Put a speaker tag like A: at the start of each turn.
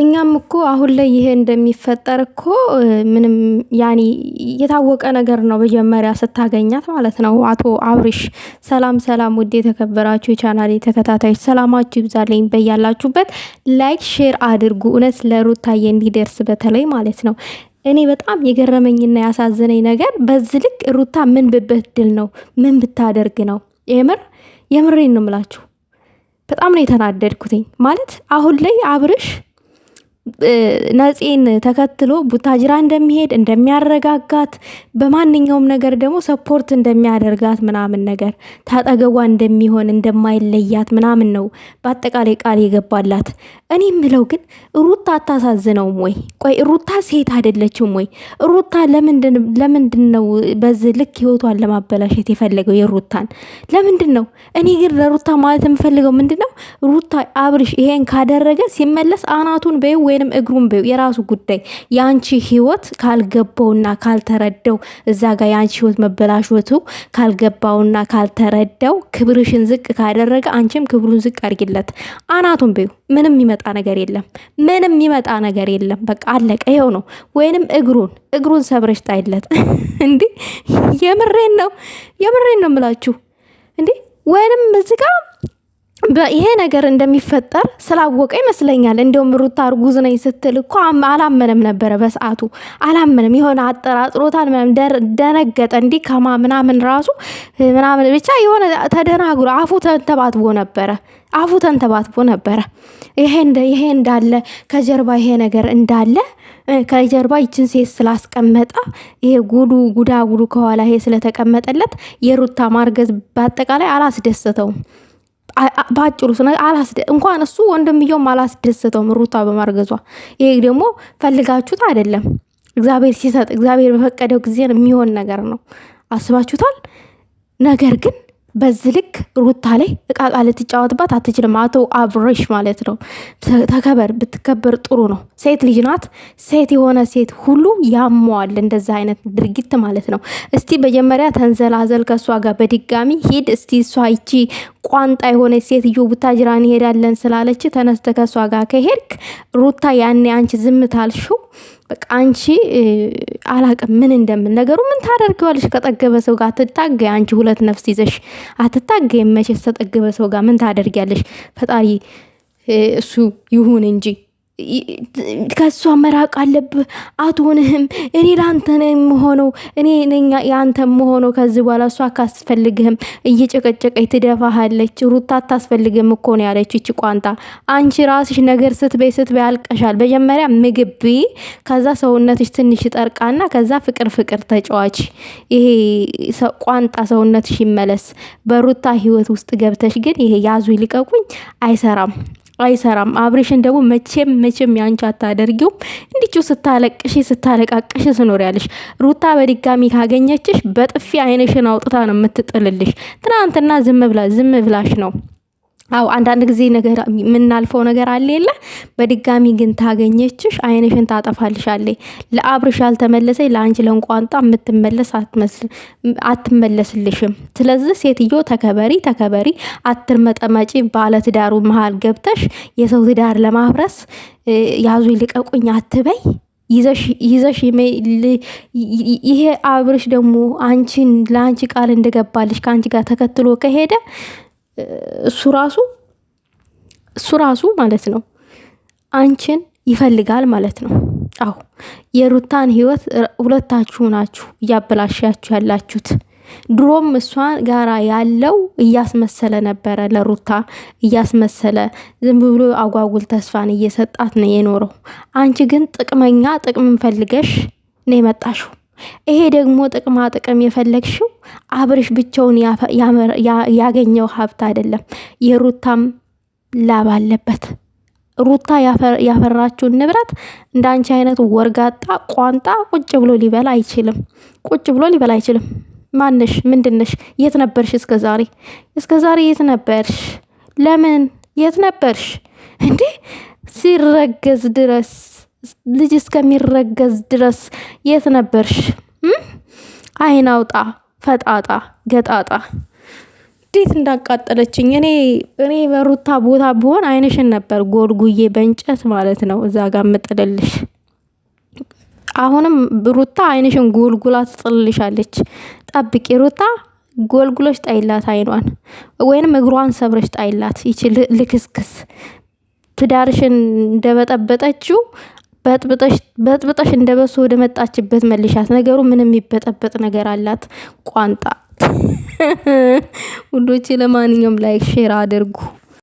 A: እኛም እኮ አሁን ላይ ይሄ እንደሚፈጠር እኮ ምንም ያኔ የታወቀ ነገር ነው። መጀመሪያ ስታገኛት ማለት ነው። አቶ አብርሽ ሰላም ሰላም፣ ውድ የተከበራችሁ የቻናል ተከታታዮች ሰላማችሁ ይብዛልኝ በያላችሁበት። ላይክ ሼር አድርጉ፣ እውነት ለሩታዬ እንዲደርስ በተለይ ማለት ነው። እኔ በጣም የገረመኝና ያሳዘነኝ ነገር በዚህ ልክ ሩታ ምን ብበድል ነው? ምን ብታደርግ ነው? የምር የምሬን ነው የምላችሁ። በጣም ነው የተናደድኩትኝ ማለት አሁን ላይ አብርሽ ነፂን ተከትሎ ቡታጅራ እንደሚሄድ እንደሚያረጋጋት በማንኛውም ነገር ደግሞ ሰፖርት እንደሚያደርጋት ምናምን ነገር ታጠገቧ እንደሚሆን እንደማይለያት ምናምን ነው በአጠቃላይ ቃል የገባላት። እኔ ምለው ግን ሩታ አታሳዝነውም ወይ? ቆይ ሩታ ሴት አይደለችም ወይ? ሩታ ለምንድን ነው በዚህ ልክ ህይወቷን ለማበላሸት የፈለገው የሩታን ለምንድን ነው? እኔ ግን ለሩታ ማለት የምፈልገው ምንድን ነው ሩታ አብርሽ ይሄን ካደረገ ሲመለስ አናቱን በይወ ወይንም እግሩን በይው፣ የራሱ ጉዳይ። የአንቺ ህይወት ካልገባውና ካልተረዳው እዛ ጋር የአንቺ ህይወት መበላሸቱ ካልገባውና ካልተረዳው ክብርሽን ዝቅ ካደረገ አንቺም ክብሩን ዝቅ አድርጊለት፣ አናቱን በይው። ምንም የሚመጣ ነገር የለም፣ ምንም የሚመጣ ነገር የለም። በቃ አለቀ፣ ይኸው ነው። ወይንም እግሩን እግሩን ሰብረሽ ጣይለት። እንዴ የምሬን ነው፣ የምሬን ነው የምላችሁ እንዴ ወይንም እዚህ ጋር ይሄ ነገር እንደሚፈጠር ስላወቀ ይመስለኛል። እንደውም ሩታ እርጉዝ ነኝ ስትል እኮ አላመነም ነበረ በሰዓቱ አላመነም። የሆነ አጠራጥሮታል፣ ምናምን ደነገጠ። እንዲህ ከማ ምናምን ራሱ ምናምን ብቻ የሆነ ተደናግሮ አፉ ተንተባትቦ ነበረ አፉ ተንተባትቦ ነበረ። ይሄ እንዳለ ከጀርባ ይሄ ነገር እንዳለ ከጀርባ ይችን ሴት ስላስቀመጠ ይሄ ጉዱ ጉዳ ጉዱ ከኋላ ይሄ ስለተቀመጠለት የሩታ ማርገዝ በአጠቃላይ አላስደሰተውም። በአጭሩ ስነ አላስደ እንኳን እሱ ወንድምየውም አላስደሰተውም ሩታ በማርገዟ። ይሄ ደግሞ ፈልጋችሁት አይደለም፣ እግዚአብሔር ሲሰጥ እግዚአብሔር በፈቀደው ጊዜ የሚሆን ነገር ነው። አስባችሁታል። ነገር ግን በዚህ ልክ ሩታ ላይ እቃቃ ልትጫወትባት አትችልም። አቶ አብረሽ ማለት ነው። ተከበር፣ ብትከበር ጥሩ ነው። ሴት ልጅ ናት። ሴት የሆነ ሴት ሁሉ ያመዋል እንደዛ አይነት ድርጊት ማለት ነው። እስቲ መጀመሪያ ተንዘላዘል ከእሷ ጋር በድጋሚ ሂድ። እስቲ እሷ ይቺ ቋንጣ የሆነ ሴትዮ ቡታጅራ ይሄዳለን ስላለች ተነስተ ከእሷ ጋር ከሄድክ ሩታ ያኔ አንቺ ዝምታልሹ በቃ አንቺ አላቅም ምን እንደምን ነገሩ ምን ታደርጊዋለሽ? ከጠገበ ሰው ጋር አትታገ አንቺ ሁለት ነፍስ ይዘሽ አትታገይ። መቼስ ተጠገበ ሰው ጋር ምን ታደርጊያለሽ? ፈጣሪ እሱ ይሁን እንጂ ከእሷ መራቅ አለብህ። አትሆንህም። እኔ ለአንተ ነ የምሆነው። እኔ ነኝ የአንተ የምሆነው። ከዚህ በኋላ እሷ አታስፈልግህም። እየጨቀጨቀች ትደፋሃለች። ሩታ አታስፈልግህም እኮ ነው ያለች ይቺ ቋንጣ። አንቺ ራስሽ ነገር ስትበይ ስትበይ አልቀሻል። መጀመሪያ ምግብ ከዛ ሰውነትሽ ትንሽ ጠርቃና፣ ከዛ ፍቅር ፍቅር ተጫዋች። ይሄ ቋንጣ ሰውነትሽ ይመለስ። በሩታ ህይወት ውስጥ ገብተሽ ግን ይሄ ያዙ ይልቀቁኝ አይሰራም። አይሰራም። አብሬሽን ደግሞ መቼም መቼም ያንቺ አታደርጊውም። እንዲችው ስታለቅሽ ስታለቃቅሽ ያለሽ ሩታ በድጋሚ ካገኘችሽ በጥፊ አይነሽን አውጥታ ነው የምትጥልልሽ። ትናንትና ዝም ብላ ዝም ብላሽ ነው አው አንዳንድ ጊዜ ነገር የምናልፈው ነገር አለ የለ። በድጋሚ ግን ታገኘችሽ አይንሽን ታጠፋልሻለች። ለአብርሽ ያልተመለሰ ለአንቺ ለእንቋንጣ የምትመለስ አትመለስልሽም። ስለዚህ ሴትዮ ተከበሪ፣ ተከበሪ፣ አትርመጠመጪ። ባለ ትዳሩ መሀል ገብተሽ የሰው ትዳር ለማፍረስ ያዙ ይልቀቁኝ አትበይ። ይዘሽ ይሄ አብርሽ ደግሞ አንቺን ለአንቺ ቃል እንደገባልሽ ከአንቺ ጋር ተከትሎ ከሄደ እሱ ራሱ እሱ ራሱ ማለት ነው አንቺን ይፈልጋል ማለት ነው። አዎ የሩታን ህይወት ሁለታችሁ ናችሁ እያበላሻችሁ ያላችሁት። ድሮም እሷ ጋራ ያለው እያስመሰለ ነበረ፣ ለሩታ እያስመሰለ ዝም ብሎ አጓጉል ተስፋን እየሰጣት ነው የኖረው። አንቺ ግን ጥቅመኛ ጥቅም ፈልገሽ ነው የመጣሽው። ይሄ ደግሞ ጥቅማ ጥቅም የፈለግሽው አብርሽ ብቻውን ያገኘው ሀብት አይደለም። የሩታም ላብ አለበት። ሩታ ያፈራችውን ንብረት እንደ አንቺ አይነት ወርጋጣ ቋንጣ ቁጭ ብሎ ሊበላ አይችልም። ቁጭ ብሎ ሊበላ አይችልም። ማንሽ ምንድነሽ? የት ነበርሽ እስከ ዛሬ? እስከ ዛሬ የት ነበርሽ? ለምን የት ነበርሽ? እንዴ ሲረገዝ ድረስ ልጅ እስከሚረገዝ ድረስ የት ነበርሽ? አይናውጣ ፈጣጣ ገጣጣ እንዴት እንዳቃጠለችኝ እኔ እኔ በሩታ ቦታ ብሆን አይንሽን ነበር ጎልጉዬ በእንጨት ማለት ነው እዛ ጋር ምጥልልሽ። አሁንም ሩታ አይንሽን ጎልጉላ ትጥልልሻለች። ጠብቂ ሩታ ጎልጉሎች ጣይላት አይኗን፣ ወይንም እግሯን ሰብረሽ ጣይላት። ይች ልክስክስ ትዳርሽን እንደበጠበጠችው በጥብጠሽ እንደ በሶ ወደ መጣችበት መልሻት። ነገሩ ምንም የሚበጠበጥ ነገር አላት ቋንጣ። ውዶቼ ለማንኛውም ላይክ ሼር አድርጉ።